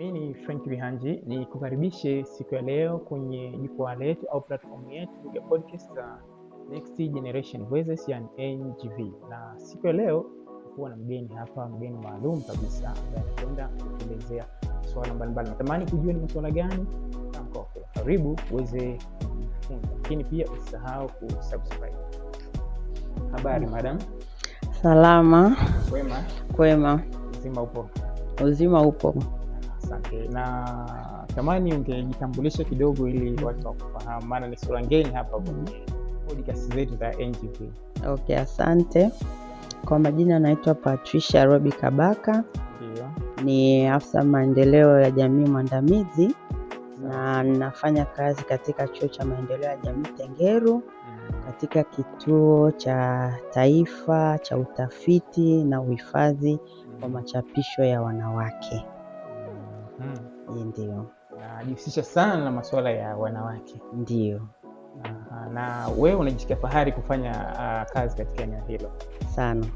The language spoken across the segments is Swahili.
Mi ni Frank Bihanji, ni kukaribishe siku ya leo kwenye jukwaa letu au platform yetu ya podcast za Next Generation Voices, yani NGV, na siku ya leo kuwa na mgeni hapa, mgeni maalum kabisa ambaye anakwenda kuelezea swala mbalimbali. Natamani kujua ni maswala gani? Karibu uweze kujifunza, lakini pia usisahau kusubscribe. Habari mm. madam? Salama. Kwema? Kwema. Uzima upo? Uzima upo. Asante. Na tamani ungejitambulisha kidogo ili watu wakufahamu, maana ni sura ngeni hapa kwenye mhm. podcast zetu za ngv Okay, asante. Kwa majina naitwa Patricia Robi Kabaka. Ndiyo. Ni afisa maendeleo ya jamii mwandamizi na ninafanya kazi katika chuo cha maendeleo ya jamii Tengeru mm. katika kituo cha taifa cha utafiti na uhifadhi wa mm. machapisho ya wanawake hmm. Ndio najihusisha sana na masuala ya wanawake. Ndio. Na wewe unajisikia fahari kufanya uh, kazi katika eneo hilo sana?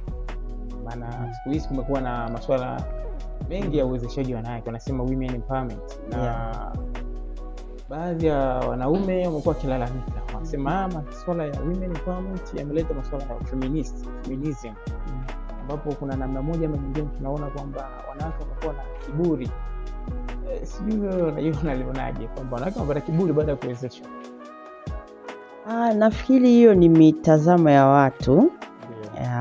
Maana siku hizi kumekuwa na masuala mengi ya uwezeshaji wanawake, wanasema women empowerment na yeah. Baadhi ya wanaume wamekuwa wakilalamika, wanasema ah, masuala ya women empowerment yameleta masuala ya feminism ambapo kuna namna moja ama nyingine tunaona kwamba wanawake wamekuwa na kiburi e, sijui wewe unajua unalionaje kwamba wanawake wamepata kiburi baada ya kuwezeshwa? Ah, nafikiri hiyo ni mitazamo ya watu yeah.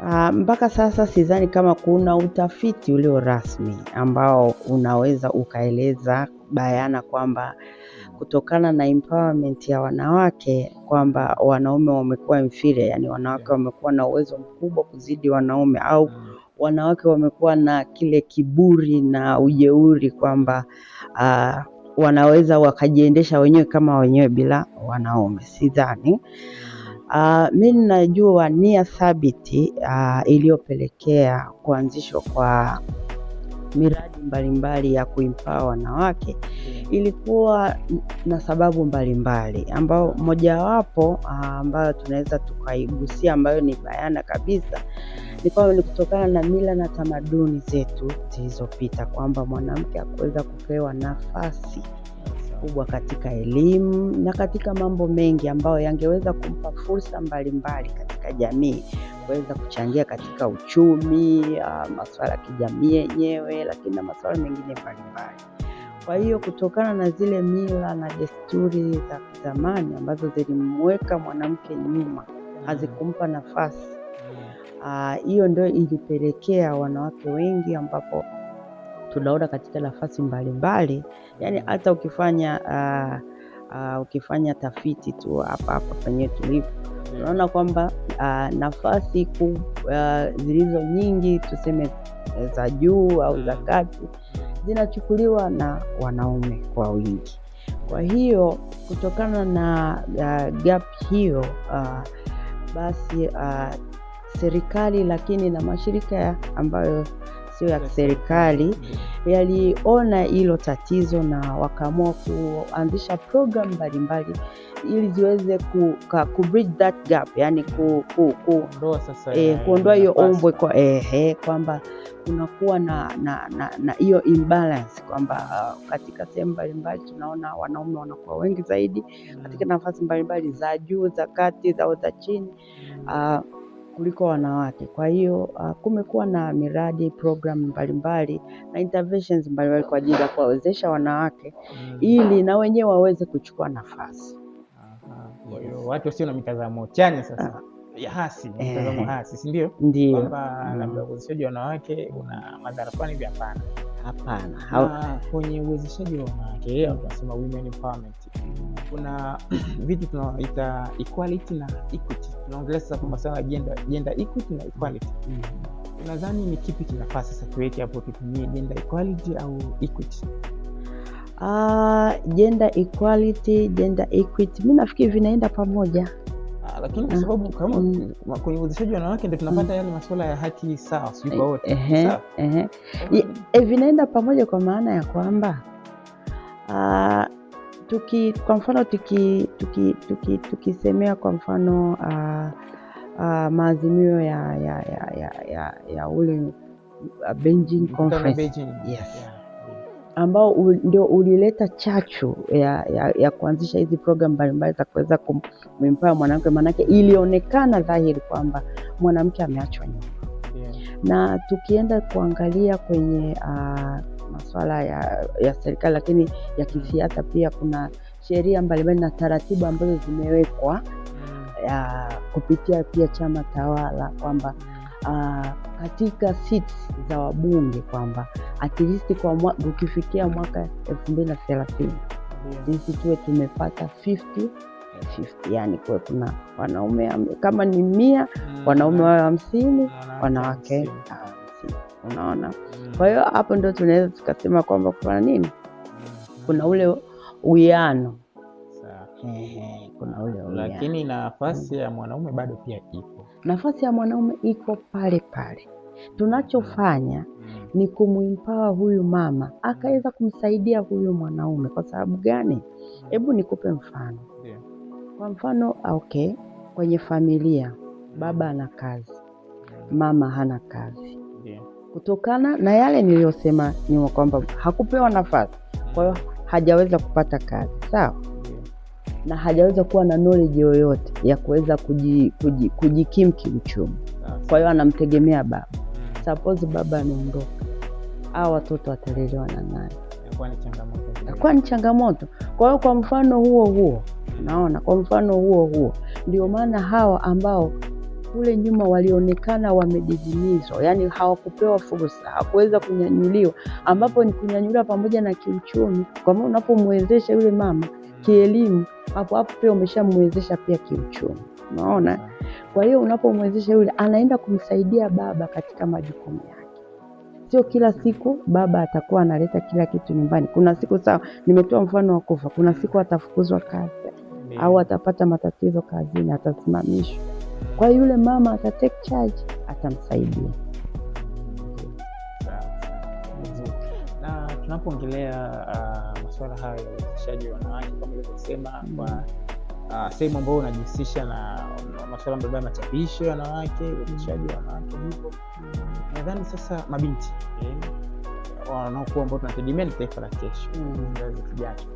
Ah, ah, mpaka sasa sidhani kama kuna utafiti ulio rasmi ambao unaweza ukaeleza bayana kwamba kutokana na empowerment ya wanawake kwamba wanaume wamekuwa inferior, yani wanawake wamekuwa na uwezo mkubwa kuzidi wanaume au mm. wanawake wamekuwa na kile kiburi na ujeuri kwamba uh, wanaweza wakajiendesha wenyewe kama wenyewe bila wanaume. Sidhani. Uh, mi ninajua nia thabiti uh, iliyopelekea kuanzishwa kwa miradi mbalimbali ya kuimpaa wanawake ilikuwa na sababu mbalimbali, ambao mojawapo ah, ambayo tunaweza tukaigusia, ambayo ni bayana kabisa, ni kwamba ni kutokana na mila na tamaduni zetu zilizopita, kwamba mwanamke hakuweza kupewa nafasi kubwa katika elimu na katika mambo mengi ambayo yangeweza kumpa fursa mbalimbali katika jamii, kuweza kuchangia katika uchumi, ah, masuala ya kijamii yenyewe, lakini na masuala mengine mbalimbali. Kwa hiyo kutokana na zile mila na desturi za kizamani ambazo zilimweka mwanamke nyuma, mm. hazikumpa nafasi mm. ah, hiyo, ndio ilipelekea wanawake wengi ambapo tunaona katika nafasi mbalimbali, yani mm. hata ukifanya uh, uh, ukifanya tafiti tu hapa hapa penyewe tulipo mm. tunaona kwamba uh, nafasi ku, uh, zilizo nyingi tuseme eh, za juu au za mm. kati zinachukuliwa na wanaume kwa wingi. Kwa hiyo kutokana na uh, gap hiyo uh, basi uh, serikali lakini na mashirika ambayo sio ya serikali yaliona hilo tatizo na wakaamua kuanzisha program mbalimbali ili ziweze ku, ku bridge that gap, yani ku, ku, ku, kuondoa hiyo ombwe kwamba eh, eh, eh, eh kunakuwa na hiyo imbalance kwamba uh, katika sehemu mbalimbali tunaona wanaume wanakuwa wengi zaidi katika mm. nafasi mbalimbali za juu, za kati, za za chini uh, kuliko wanawake. Kwa hiyo uh, kumekuwa na miradi program mbalimbali na interventions mbalimbali kwa ajili ya kuwawezesha wanawake mm. ili na wenyewe waweze kuchukua nafasi. Kwa hiyo yes. watu wasio na mitazamo chanya sasa ah. ya hasi mtazamo eh. hasi, si ndio? Ndio kwamba mm. labda uwezeshaji wa wanawake una madhara fulani vya hapana, hapana. Kwenye uwezeshaji wa wanawake mm. tunasema women empowerment, kuna vitu tunaita equality na equity tunaongelea sasa kwa masuala ya jenda gender equity na equality mm. Mm-hmm. Nadhani ni kipi kinafaa sasa tuweke hapo, tutumie jenda equality au equity? Uh, ah, jenda equality, jenda equity, mi nafikiri vinaenda pamoja ah, lakini kwa sababu ah, kama mm. kwenye uwezeshaji wanawake ndo tunapata mm. yale masuala ya haki sawa, sijui kwa wote eh, vinaenda pamoja, kwa maana ya kwamba uh, tuki, kwa mfano tukisemea tuki, tuki, tuki, kwa mfano uh, uh, maazimio ya, ya, ya, ya, ya, ya ule uh, Beijing Conference Beijing. Yes. Yeah ambao ndio ulileta chachu ya, ya, ya kuanzisha hizi programu mbalimbali za kuweza kumimpaa mwanamke, maanake ilionekana dhahiri kwamba mwanamke ameachwa nyuma. Yeah. Na tukienda kuangalia kwenye uh, masuala ya, ya serikali lakini ya kisiasa pia kuna sheria mbalimbali na taratibu ambazo zimewekwa mm. ya, kupitia pia chama tawala kwamba uh, katika seats za wabunge kwamba at least kwa mwa, ukifikia mwaka elfu mbili na thelathini sisi tuwe tumepata 50 50, yani kuwe kuna wanaume kama ni mia mm. wanaume wawe hamsini wanawake unaona. Mm. Kwa hiyo hapo ndo tunaweza tukasema kwamba kuna nini, mm-hmm. kuna ule uwiano kuna ule uwiano. Lakini nafasi ya mwanaume bado pia ipo, nafasi ya mwanaume iko pale pale. Tunachofanya mm-hmm. ni kumwimpawa huyu mama akaweza kumsaidia huyu mwanaume. Kwa sababu gani? Mm-hmm. Hebu nikupe mfano. Kwa mfano, okay, kwenye familia baba ana kazi, mama hana kazi kutokana na yale niliyosema nyuma kwamba hakupewa nafasi, kwa hiyo hajaweza kupata kazi sawa, na hajaweza kuwa na knowledge yoyote ya kuweza kujikim kuji, kuji kiuchumi. Kwa hiyo anamtegemea baba. Suppose baba anaondoka, au watoto watalelewa na nani? Itakuwa ni changamoto. Kwa hiyo kwa mfano huo huo, unaona, kwa mfano huo huo, ndio maana hawa ambao kule nyuma walionekana wamedidimizwa, yaani hawakupewa fursa, hawakuweza kunyanyuliwa, ambapo ni kunyanyuliwa pamoja na kiuchumi, kwa maana unapomwezesha yule mama kielimu, hapo hapo pia umeshamwezesha pia kiuchumi, unaona. Kwa hiyo unapomwezesha yule, anaenda kumsaidia baba katika majukumu yake. Sio kila siku baba atakuwa analeta kila kitu nyumbani. Kuna siku sawa, nimetoa mfano wa kufa, kuna siku atafukuzwa kazi au atapata matatizo kazini, atasimamishwa kwa yule mama ata take charge, atamsaidia. napoongelea tunapoongelea uh, masuala hayo ya uwezeshaji wanawake kama ilivyosema mm-hmm. kwa Uh, sehemu ambayo unajihusisha na masuala mbalimbali ya machapisho ya wanawake, mm-hmm. uwezeshaji wa wanawake hivyo, nadhani sasa mabinti eh, wanaokuwa ambao tunategemea ni taifa la kesho, kizazi mm-hmm. kijacho,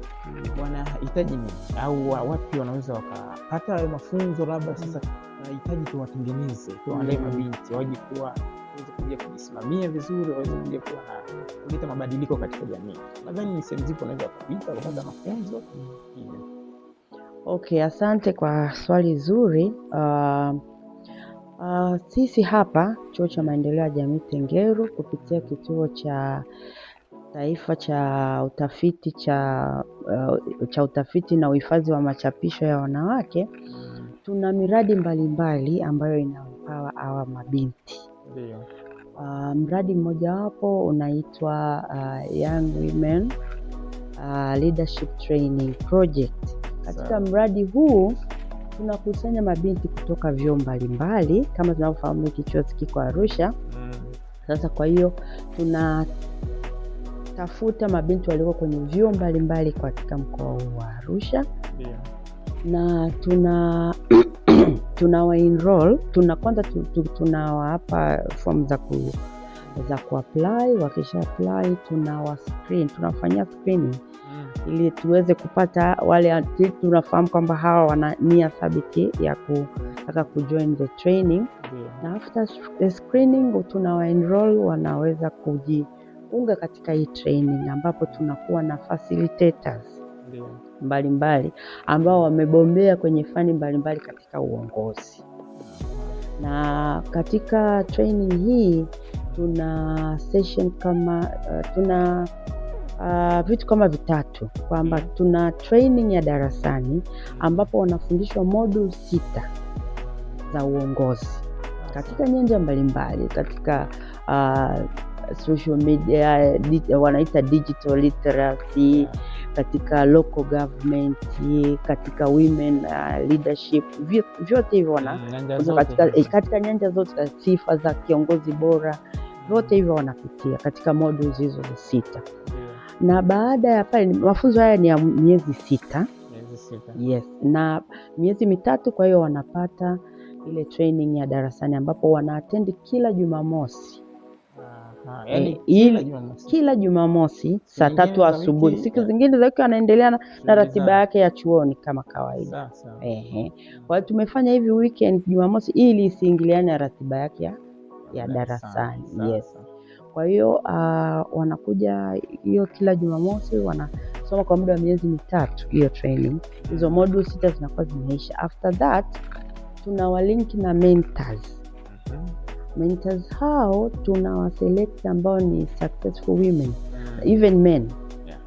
wanahitaji nini au wapi wanaweza wakapata hayo mafunzo labda sasa tunahitaji tuwatengeneze, tuwalee mm. mabinti waje kuwa waweze kuja kujisimamia vizuri, waweze kuja kuwa na kuleta mabadiliko katika jamii. Nadhani ni sehemu zipo unaweza kupita kupata mafunzo. Mm. Okay, asante kwa swali zuri. Uh, uh, sisi hapa Chuo cha Maendeleo ya Jamii Tengeru kupitia kituo cha taifa cha utafiti cha, uh, cha utafiti na uhifadhi wa machapisho ya wanawake Tuna miradi mbalimbali ambayo inawapawa hawa mabinti Uh, mradi mmojawapo unaitwa uh, Young Women uh, Leadership Training Project. Katika mradi huu tunakusanya mabinti kutoka vyo mbalimbali kama tunavyofahamu hiki chuo kiko Arusha. Mm. Sasa kwa hiyo tunatafuta mabinti walioko kwenye vyuo mbalimbali katika mkoa huu wa Arusha. yeah na tuna tunawa enroll tuna kwanza tunawapa form za ku za kuapply. Wakisha apply tunawa screen, tunafanyia screening mm. ili tuweze kupata wale tunafahamu kwamba hawa wana nia thabiti ya kutaka kujoin the training yeah. na after the screening tunawa enroll, wanaweza kujiunga katika hii training ambapo tunakuwa na facilitators yeah mbalimbali ambao wamebombea kwenye fani mbalimbali katika uongozi. Na katika training hii tuna session kama uh, tuna uh, vitu kama vitatu kwamba tuna training ya darasani ambapo wanafundishwa moduli sita za uongozi katika nyanja mbalimbali katika uh, social media wanaita digital literacy katika local government, katika women uh, leadership, vyote hivyo mm, katika, eh, katika nyanja zote, sifa za kiongozi bora, vyote hivyo wanapitia katika modules hizo sita Na baada ya pale mafunzo haya ni ya miezi sita, miezi sita. Yes, na miezi mitatu, kwa hiyo wanapata ile training ya darasani ambapo wanaatendi kila Jumamosi Ah, eh, yaani kila Jumamosi, saa tatu asubuhi, siku eh. zingine za wiki anaendelea na ratiba yake ya chuoni kama kawaida. Mm. kwa hiyo tumefanya hivi weekend Jumamosi ili isiingiliane na ratiba yake ya, ya darasani. Yes. Kwa hiyo uh, wanakuja hiyo kila Jumamosi wanasoma kwa muda wa miezi mitatu hiyo training. Hizo mm. module sita zinakuwa zimeisha. After that tunawalinki na mentors. Mm-hmm mentors hao tunawaselect ambao ni successful women even men yeah.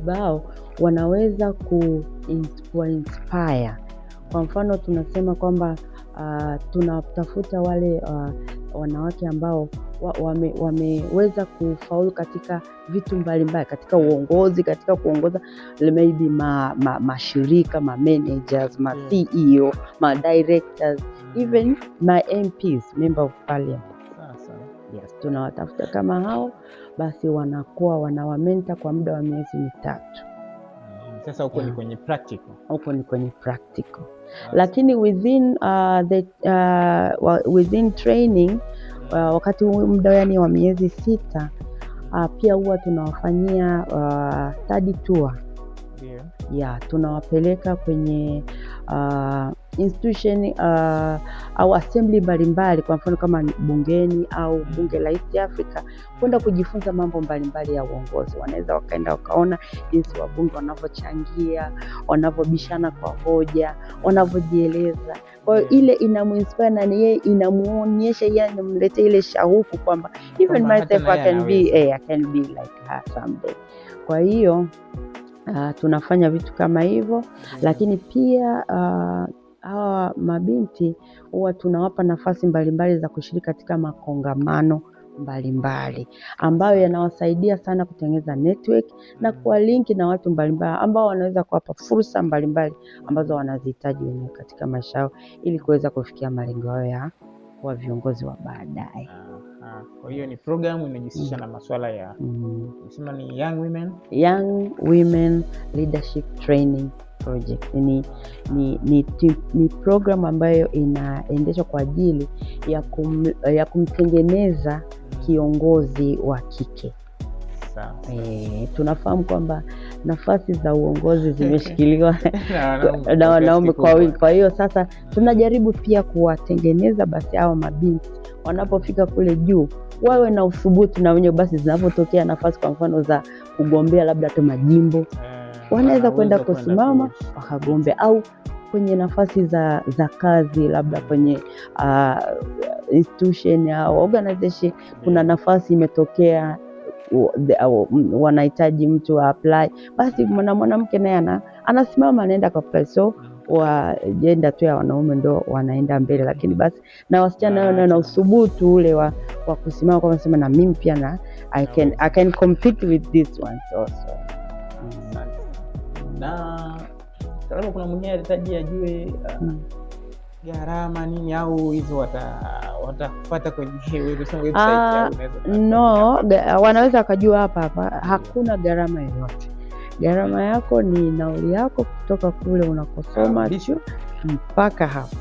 ambao wanaweza kuwainspire. Kwa mfano tunasema kwamba uh, tunatafuta wale uh, wanawake ambao wame, wameweza kufaulu katika vitu mbalimbali, katika uongozi, katika kuongoza maybe ma, ma, mashirika ma managers ma mm. CEO ma directors mm. even ma MPs member of parliament. Yes, tunawatafuta kama hao basi, wanakuwa wanawamenta kwa muda wa miezi mitatu. Mm, sasa huko ni kwenye practical, huko ni kwenye practical, lakini within uh, the, uh, within training Uh, wakati muda yani wa miezi sita, uh, pia huwa tunawafanyia uh, study tour yeah ya tunawapeleka kwenye uh, institution uh, au assembly mbalimbali, kwa mfano kama bungeni au bunge la East Africa, kwenda kujifunza mambo mbalimbali ya uongozi. Wanaweza wakaenda wakaona jinsi wabunge wanavyochangia, wanavyobishana kwa hoja, wanavyojieleza. Kwa hiyo ile inamuinspire na yeye inamuonyesha, yeye anamletea ile shauku kwamba even myself I can be, eh, I can be like her someday. Kwa hiyo Uh, tunafanya vitu kama hivyo yeah. Lakini pia uh, hawa mabinti huwa tunawapa nafasi mbalimbali za kushiriki katika makongamano mbalimbali ambayo yanawasaidia sana kutengeneza network na mm. kuwa linki na watu mbalimbali ambao wanaweza kuwapa fursa mbalimbali ambazo wanazihitaji wenyewe katika maisha yao ili kuweza kufikia malengo yao ya kuwa viongozi wa baadaye. Ah. Kwa hiyo ni programu inajihusisha mm. na maswala ya mm. sema ni young women, young women leadership training project. Ni, ni, ni, ni programu ambayo inaendeshwa kwa ajili ya, kum, ya kumtengeneza kiongozi wa kike. E, tunafahamu kwamba nafasi za uongozi zimeshikiliwa na wanaume. Kwa hiyo sasa tunajaribu pia kuwatengeneza basi hao mabinti wanapofika kule juu wawe na uthubutu na wenyewe basi, zinavyotokea nafasi kwa mfano za kugombea labda hata majimbo hmm, wanaweza kwenda kusimama wakagombea au kwenye nafasi za, za kazi labda kwenye uh, institution au organization kuna nafasi imetokea ah, wanahitaji mtu wa apply, basi mwanamke naye anasimama anaenda kwa apply so mm wa jenda tu ya wanaume ndo wanaenda mbele, lakini basi na wasichana nao ah, na, uthubutu ule wa, wa kusimama kwa sema na mimi pia na I can, I can compete with this one also. Na sababu kuna mwingine alitaji ajue hmm. uh, gharama nini au hizo watapata kwenye website? Ah, no, wanaweza wakajua hapa hapa, hakuna gharama yoyote Gharama yako ni nauli yako kutoka kule unakosoma chuo ah, mpaka hapo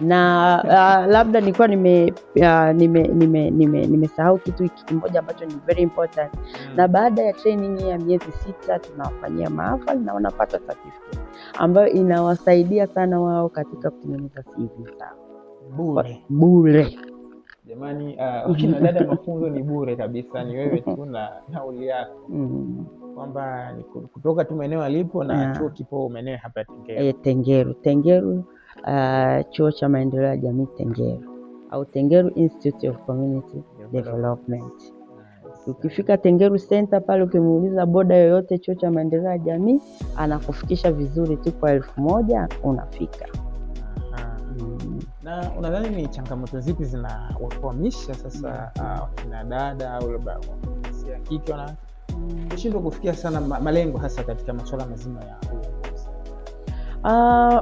na uh, labda nilikuwa nime uh, ah, nimesahau nime, nime, nime kitu kimoja ambacho ni very important mm. Na baada ya training ya miezi sita tunawafanyia mahafali na wanapata certificate ambayo inawasaidia sana wao katika kutengeneza CV zao bure. Jamani, uh, ukina dada, mafunzo ni bure kabisa, ni wewe tu na nauli yako mm kwamba kutoka tu maeneo alipo na yeah. Chuo kipo maeneo hapa Tengeru e, Tengeru Tengeru uh, chuo cha maendeleo ya jamii Tengeru au Tengeru Institute of Community Development. Ukifika Tengeru Center pale, ukimuuliza boda yoyote chuo cha maendeleo ya jamii anakufikisha vizuri tu kwa elfu moja unafika. Mm. Na unadhani ni changamoto zipi zinawakwamisha sasa, mm. uh, kina dada au labda jinsia ya kike na kushindwa kufikia sana malengo hasa katika masuala mazima ya Uh,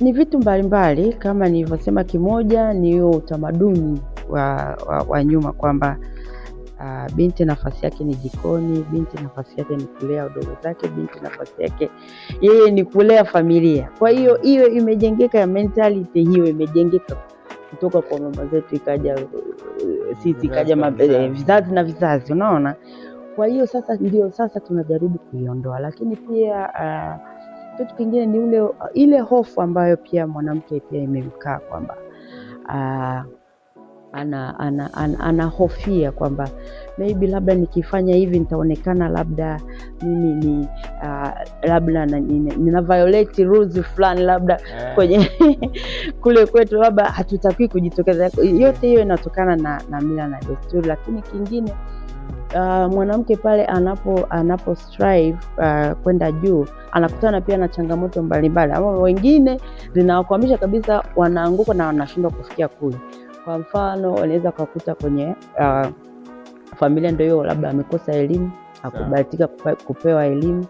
ni vitu mbalimbali mbali, kama nilivyosema, kimoja ni hiyo utamaduni wa, wa, wa nyuma kwamba uh, binti nafasi yake ni jikoni, binti nafasi yake ni kulea udogo zake, binti nafasi yake yeye ni kulea familia. Kwa hiyo hiyo imejengeka mentality hiyo imejengeka kutoka kwa mama zetu, ikaja eh, sisi, ikaja eh, vizazi na vizazi, unaona kwa hiyo sasa ndio sasa tunajaribu kuiondoa, lakini pia uh, kitu kingine ni ule ile hofu ambayo pia mwanamke pia imemkaa kwamba uh, ana, ana, ana, anahofia kwamba maybe labda nikifanya hivi nitaonekana labda mimi ni uh, labda nina violate rules fulani labda yeah. Kwenye kule kwetu labda hatutakiwi kujitokeza. Yote hiyo inatokana na, na mila na desturi, lakini kingine uh, mwanamke pale anapo anapo strive uh, kwenda juu anakutana pia na changamoto mbalimbali, ama wengine zinawakwamisha kabisa, wanaanguka na wanashindwa kufikia kule. Kwa mfano wanaweza ukakuta kwenye uh, familia ndio hiyo, labda amekosa elimu, akubahatika kupewa elimu,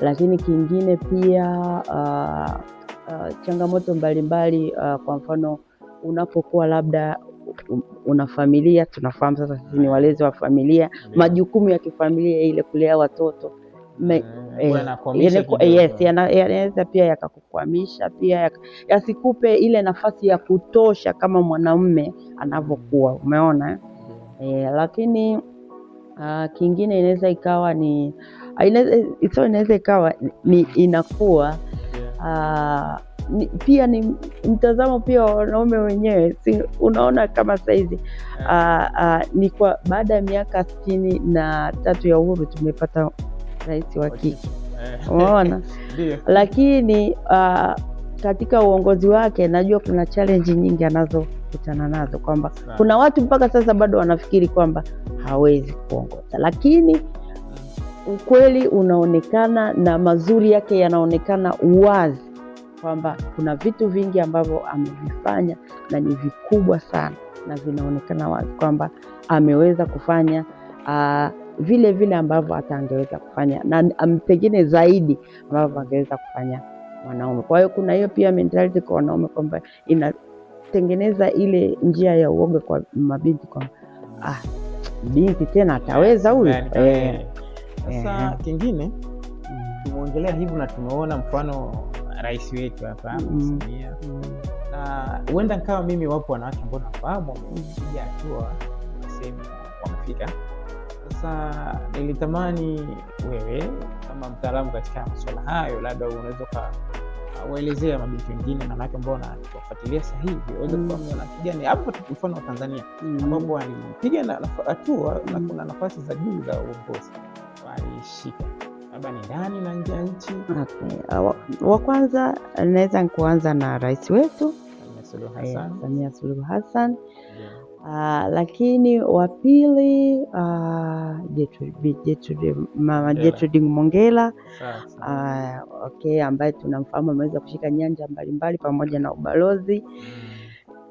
lakini kingine pia uh, uh, changamoto mbalimbali mbali, uh, kwa mfano unapokuwa labda una familia, tunafahamu sasa sisi ni walezi wa familia, majukumu ya kifamilia, ile kulea watoto eh, eh, yanaweza pia yakakukwamisha, pia yasikupe ile nafasi ya kutosha kama mwanamume anavyokuwa, umeona eh. Lakini uh, kingine inaweza ikawa ni ah, so inaweza ikawa ni inakuwa uh, ni, pia ni mtazamo pia wa wanaume wenyewe si, unaona kama saizi yeah. Uh, uh, ni kwa baada ya miaka sitini na tatu ya uhuru tumepata rais wa kike umeona lakini uh, katika uongozi wake najua kuna challenge nyingi anazokutana nazo, kwamba kuna watu mpaka sasa bado wanafikiri kwamba hawezi kuongoza, lakini mm. ukweli unaonekana na mazuri yake yanaonekana wazi kwamba kuna vitu vingi ambavyo amevifanya na ni vikubwa sana, na vinaonekana wazi kwamba ameweza kufanya uh, vile vile ambavyo hata angeweza kufanya na pengine zaidi ambavyo angeweza kufanya mwanaume. Kwa hiyo kuna hiyo pia mentality kwa wanaume kwamba inatengeneza ile njia ya uoga kwa mabinti kwamba ah, binti tena ataweza huyu. Yaani, eh. yaani. Sasa eh. kingine mm. tumeongelea hivi na tumeona mfano rais wetu hapa mm. Samia mm. na huenda nkawa mimi, wapo wanawake ambao nafahamu wamepiga hatua sehemu wamefika. Sasa nilitamani wewe kama mtaalamu katika masuala hayo, labda unaweza ukawaelezea mabinti wengine na wanawake ambao wanafuatilia sasa hivi waweze kufahamu mm. wanapigani hapo, mfano wa Tanzania mm. ambapo walipiga hatua na kuna nafasi za juu za uongozi walishika labda ni ndani na nje ya nchi? Okay. Uh, wa kwanza naweza nikuanza na rais wetu Samia Suluhu eh, Hassan yeah. Uh, lakini wa pili uh, Mama Gertrude Mongela uh, okay, ambaye tunamfahamu ameweza kushika nyanja mbalimbali pamoja na ubalozi mm.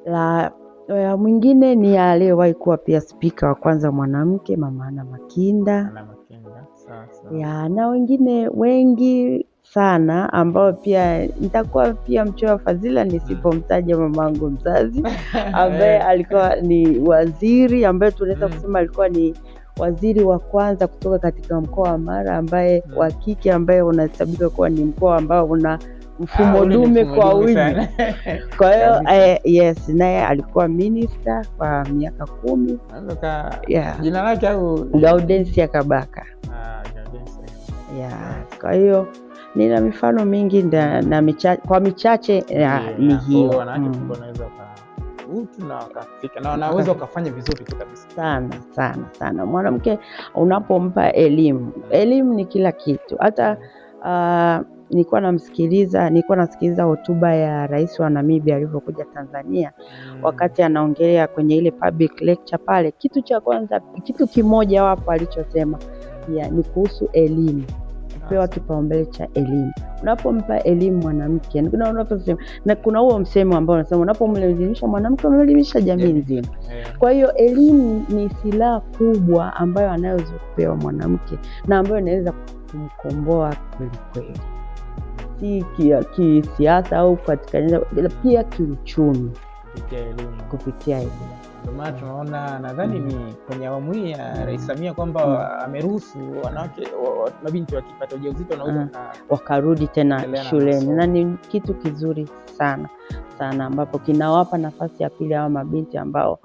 la uh, mwingine ni aliyewahi kuwa pia spika wa kwanza mwanamke Mama Ana Makinda ya na wengine wengi sana ambao pia nitakuwa pia mchoyo wa fadhila nisipomtaja mm. mamangu mzazi ambaye alikuwa ni waziri ambaye tunaweza mm. kusema alikuwa ni waziri wa kwanza kutoka katika mkoa wa Mara ambaye wa mm. kike ambaye unahesabika kuwa ni mkoa ambao una mfumo ah, dume kwa wingi. Kwa hiyo eh, yes, naye alikuwa minister kwa miaka kumi. Yeah. Jina lake au Gaudensia Kabaka. Ah, Yeah. Kwa hiyo nina mifano mingi na, na micha, kwa michache eh, ni hiyo mm. utu na wakafika na wanaweza wakafanya vizuri tu kabisa sana sana sana. Mwanamke unapompa elimu, elimu ni kila kitu hata uh, nilikuwa namsikiliza, nilikuwa nasikiliza hotuba ya rais wa Namibia alivyokuja Tanzania mm. Wakati anaongelea kwenye ile public lecture pale, kitu cha kwanza, kitu kimoja wapo alichosema yeah, ni kuhusu elimu pewa kipaumbele cha elimu. Unapompa elimu mwanamke, na kuna huo msemo ambao unasema unapomelimisha mwanamke unaelimisha jamii nzima. Kwa hiyo elimu ni silaha kubwa ambayo anaweza kupewa mwanamke na ambayo inaweza kumkomboa kwelikweli si kisiasa au katika nyanja pia kiuchumi kupitia elimu. tunaona nadhani mm. ni kwenye awamu hii ya Rais Samia kwamba mm. ameruhusu wanawake mabinti wakipata ujauzito wanaweza mm. wakarudi tena shuleni, na ni kitu kizuri sana sana, ambapo kinawapa nafasi ya pili hawa mabinti ambao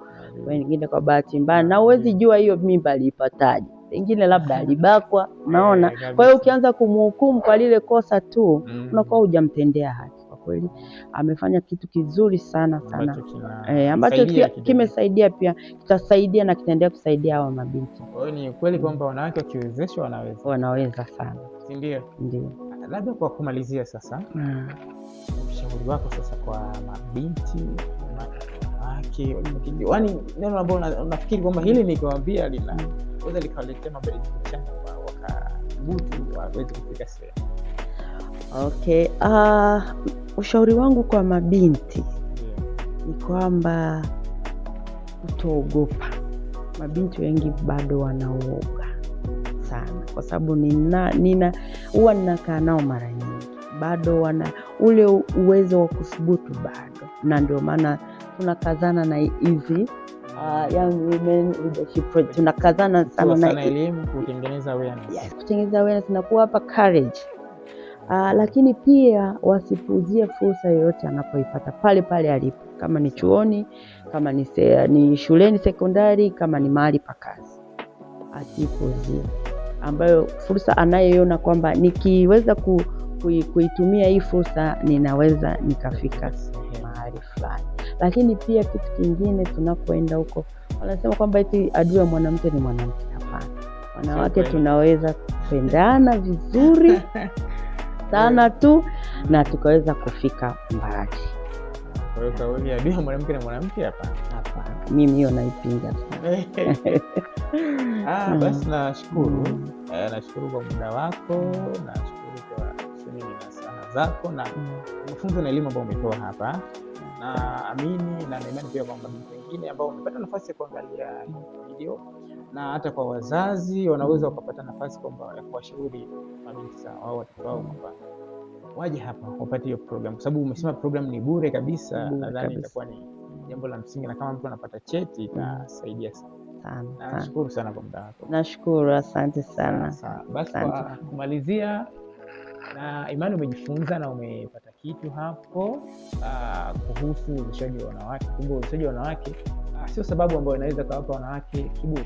wengine kwa bahati mbaya, na huwezi jua hiyo mimba aliipataje pengine labda alibakwa, unaona. Eh, kwa hiyo ukianza kumhukumu kwa lile kosa tu mm unakuwa hujamtendea haki. Kwa kweli amefanya kitu kizuri sana sana eh, ambacho eh, kimesaidia pia kitasaidia na kitaendelea kusaidia hawa mabinti. Kwa hiyo ni kweli mm. kwamba wanawake wakiwezeshwa wanaweza, wanaweza sana, ndio? Ndio. Labda kwa kumalizia sasa, ah. ushauri wako sasa kwa mabinti yake, yaani neno ambalo unafikiri kwamba hili nikiwaambia linaweza likawaletea mabadiliko chanya, wakathubutu waweze kufika sehemu. Okay, uh, ushauri wangu kwa mabinti yeah, ni kwamba kutoogopa. Mabinti wengi bado wanaoga sana, kwa sababu nina huwa ninakaa nao mara nyingi, bado wana ule uwezo wa kuthubutu bado, na ndio maana tunakazana na hizi Uh, mm. ah, young women leadership project tunakazana sana na elimu kutengeneza awareness, kutengeneza awareness na kuwapa courage uh, lakini pia wasipuzie fursa yoyote anapoipata pale pale alipo, kama ni chuoni, kama ni, se, ni shuleni sekondari, kama ni mahali pa kazi, asipuzie ambayo fursa anayoiona kwamba nikiweza ku, kui, kuitumia hii fursa ninaweza nikafika mahali fulani. Lakini pia kitu kingine, tunapoenda huko wanasema kwamba eti adui ya mwanamke ni mwanamke. Hapana, wanawake tunaweza kupendana vizuri sana tu na tukaweza kufika mbali. Adui ya mwanamke na mwanamke, hapana, hapana, mimi hiyo naipinga Ah, mm. basi nashukuru, mm. eh, nashukuru kwa muda wako, nashukuru kwa sehemu na saha zako na mm. mafunzo na elimu ambayo umetoa hapa naamini na naimani pia kwamba wengine ambao wamepata nafasi ya kuangalia video na hata kwa wazazi wanaweza wakapata nafasi kwamba ya kuwashauri mabinti wao watoto wao kwamba waje hapa wapate hiyo program, kwa sababu umesema program ni bure kabisa. Nadhani itakuwa ni jambo la msingi, na kama mtu anapata cheti itasaidia sana. Nashukuru sana kwa muda wako. Nashukuru, asante sana. Basi kwa kumalizia na imani umejifunza na umepata kitu hapo uh, kuhusu uzishaji wa wanawake. Kumbe uzishaji wa wanawake uh, sio sababu ambayo inaweza kawapa wanawake kiburi.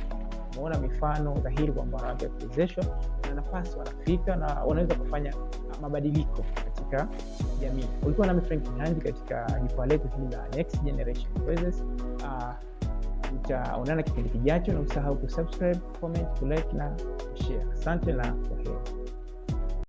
Umeona mifano dhahiri kwamba wanawake wakiwezeshwa na nafasi wanafika na wanaweza kufanya ah, mabadiliko katika jamii. Ulikuwa nami Frank Mnyanzi katika jukwaa letu hili la Next Generation Voices. Utaonana uh, kipindi kijacho, na usahau kusubscribe, comment, kulike na share. Asante na kwaheri.